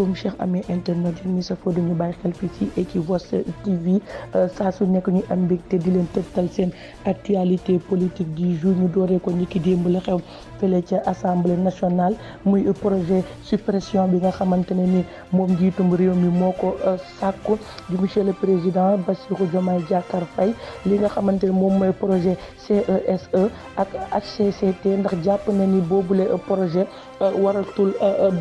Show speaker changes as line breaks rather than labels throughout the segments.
asalaamaaleykum chers amis internet yi ñu safoo dañu bàyyi xel fii ci Equivox TV euh, saa su nekk ñu am mbégte di leen tegtal seen actualité politique du jour ñu dooree ko ñi ki démb la xew fële ca assemblée nationale muy projet suppression bi nga xamante ne ni moom njiitum réew mi moo ko euh, sàkku di monsieur le président Bassirou Diomaye Diakhar Faye li nga xamante ne moom mooy projet CESE e ak HCCT ndax jàpp na ni boobule euh, projet waratul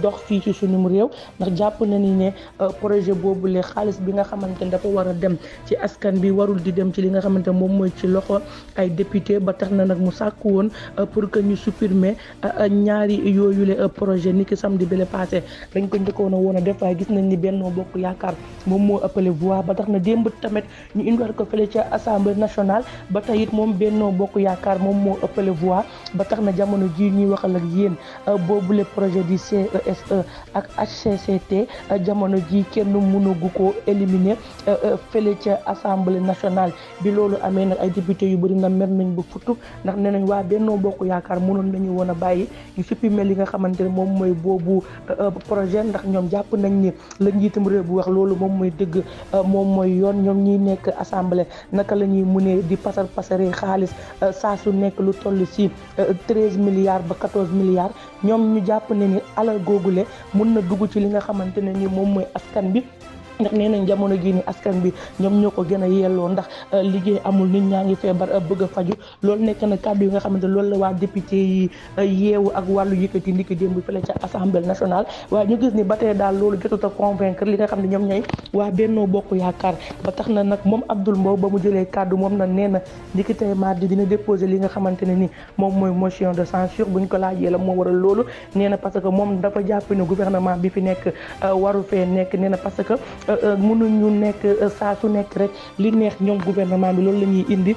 dox fii ci sunum réew ndax jàpp na ni ne euh, projet boobu le xaalis bi nga xamante ne dafa war a dem ci askan bi warul di dem ci li nga xamante ne moom mooy ci loxo ay député ba tax na nag mu sàkk woon euh, pour que ñu supprimer euh, ñaari yooyule projet ni ki samedi bi la passé dañ ko njëkkoon a woon a def ay gis nañ ni Benno Bokk Yaakaar moom moo ëppale voix ba tax na démb tamit ñu indiwaat ko fële ca assemblée nationale ba tey it moom benn bokk yaakaar moom moo ëppale voix ba tax na jamono jii ñuy waxal ak yéen euh, boobule projet du CESE e ak HCCT euh, jamono ji kenn mënagu ko éliminer euh, fële ca assemblée nationale bi loolu amee nag ay député yu bëri na mer nañ ba futu ndax nee nañ waa bennoo bokk yaakaar mënoon nañu woon a bàyyi ñu supprimer li nga xamante ne moom mooy boobu projet ndax ñoom jàpp nañ ni la njiitum réew bu wax loolu moom mooy dëgg euh, moom mooy yoon ñoom ñuy nekk assemblée naka la ñuy munee di pasar pasare xaalis euh, saa su nekk lu toll si euh, treize milliards ba quatorze milliards ñoom ñu jàpp ne ni alal googule mun na dugg ci li nga xamante ne ni moom mooy askan bi ndax nee nañ jamono jii ni askan bi ñoom ñoo ko gën a yelloo ndax euh, liggéey amul nit ñaa ngi feebar euh, bëgg a faju loolu nekk na kàddu yi nga xamante loolu la waa député yi euh, yeewu ak wàllu yëkkati ndiki démb fële ca assemblée nationale waaye ñu gis ni ba tey daal loolu jotut a convaincre li nga xam ne ñoom ñooy waa bennoo bokk yaakaar ba tax na nag moom Abdoul Mbow ba mu jëlee kàddu moom na nee na ndiki tey mardi dina déposé li nga xamante ne ni moom mooy motion de bu buñ ko laajee la moo waral loolu nee na parce que moom dafa jàpp ne gouvernement bi fi nekk waru fee nekk nee na parce que Euh, euh, ñu nekk euh, saa su nekk rek li neex ñoom gouvernement bi loolu la ñuy indi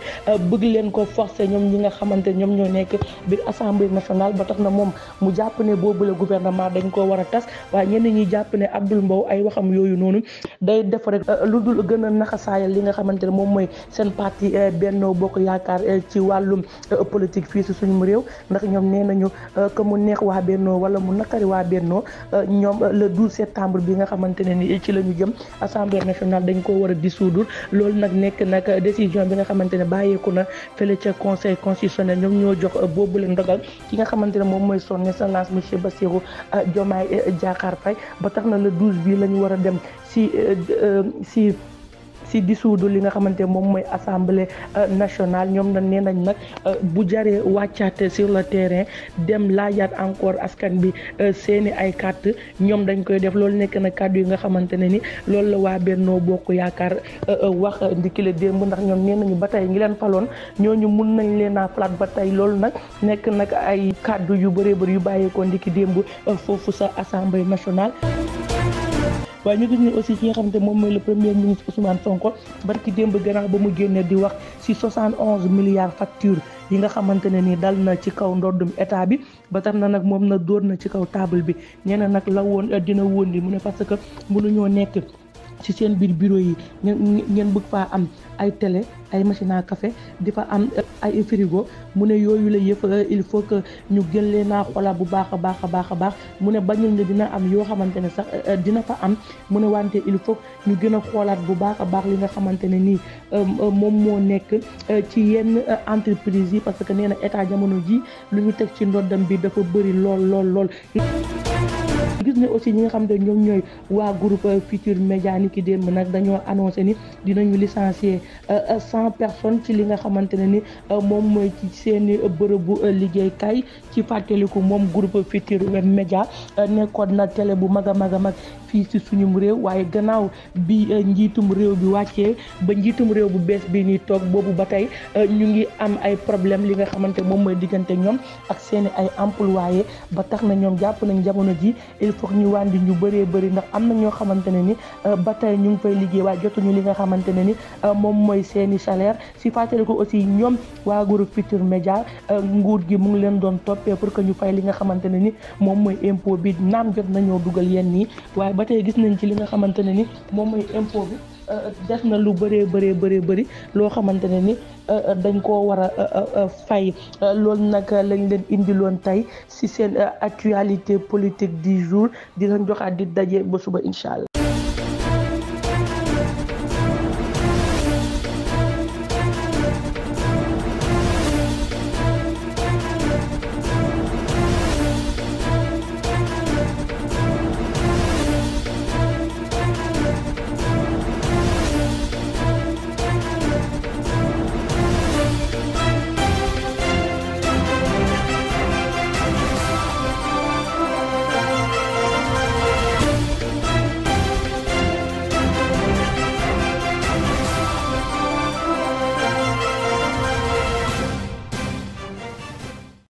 bëgg leen ko forcer ñoom ñi nga xamante ñoom ñoo nekk biir assemblée nationale ba tax na moom mu jàpp ne boobule gouvernement dañ ko war a tas waaye ñenn ñi jàpp ne Abdoul Mbow ay waxam yooyu noonu day def rek lu dul gën a naxasaayal li nga xamante ne moom mooy seen parti Benno Bokk Yaakaar ci wàllum politique fii si suñu réew ndax ñoom nee nañu que mu neex waa Benno wala mu naqari waa bennoo ñoom le 12 septembre bi nga xamante ne ni ci la ñu jëm assemblée nationale dañ ko war a dissoudre loolu nag nekk nag décision bi nga xamante ne bàyyeeku na fële ca conseil constitutionnel ñoom ñoo jox boobu leen dogal ki nga xamante ne moom mooy son excellence monsieur Bassirou euh, Diomaye euh, Diakhar Faye ba tax na le 12 bi la ñu war a dem si euh, si si dissoudre li nga xamante moom mooy assemblée euh, nationale ñoom nag nee nañ nag euh, bu jaree wàccaat sur le terrain dem laajaat encore askan bi euh, seeni ay carte ñoom dañ koy def loolu nekk na kàddu yi nga xamante ne ni loolu la waa Bennoo Bokk Yaakaar wax ndiki la démb ndax ñoom nee nañu ba tey ngi leen faloon ñoo ñu mun nañ leen a falaat ba tey loolu nag nekk nag ay kàddu yu bëree bëri yu bàyyeekoo ndiki démb foofu sa assemblée nationale waaye ñu gis ne aussi ki nga xamante moom mooy le premier ministre Ousmane Sonko barki démb gannaaw ba mu génnee di wax si 71 milliards facture yi nga xamante ne ni dal na ci kaw ndoddum état bi ba tax na nag moom na dóor na ci kaw table bi ñeneen nag la woon dina woon di mu ne parce que mënuñoo nekk ci seen biir bureau yi ngeen ngeen bëgg faa am ay télé ay machine à kafe di fa am euh, ay frigo mu ne yooyu la yëf euh, il faut que ñu gën leen a xoolaat bu baax a baax a baax a baax mu ne bañul dina am yoo xamante ne sax euh, dina fa am mu ne wante il ñu gën a xoolaat bu baax a baax li nga xamante ne nii moom moo nekk ci yenn entreprise yi parce que nee na état jamono ji lu ñu teg ci dam bi dafa bëri lool lool lool. gis ni aussi ñi nga xam ne ñoom ñooy waa groupe Futur Média ni ki démb nag dañoo annoncé ni dinañu licencier euh, cent personnes ci li nga xamante ne ni euh, moom mooy ci seeni liggéey kay ci ko moom groupe Futur Média euh, nekkoon na télé bu mag a mag a mag fii ci suñum réew waaye gannaaw bi eh, njiitum réew bi wàccee ba njiitum réew bu bees bi ñuy toog boobu ba tey eh, ñu ngi am ay problème li nga xamante moom mooy diggante ak seeni ay ba tax na ñoom jàpp nañ jamono ji il faut ñu wàndi ñu bëree bëri ndax am na ñoo xamante ne ni eh, ba tey ñu ngi fay liggéey jotuñu li nga xamante ne ni moom mooy seeni salaire si fàttali ko aussi ñoom waa groupe Futurs Médias nguur gi mu ngi leen doon toppee pour que ñu fay li nga xamante ne ni moom mooy impôt bi naam jot nañoo dugal yenn yi waaye ba tey gis nañ ci li nga xamante ne ni moom mooy impôt bi euh, euh, def na lu bëree bëree bëree bëri loo xamante ne ni euh, dañ ko war a fay loolu nag lañ leen indiloon tey si seen actualité politique di jours di leen joxaat di daje ba suba incha allah.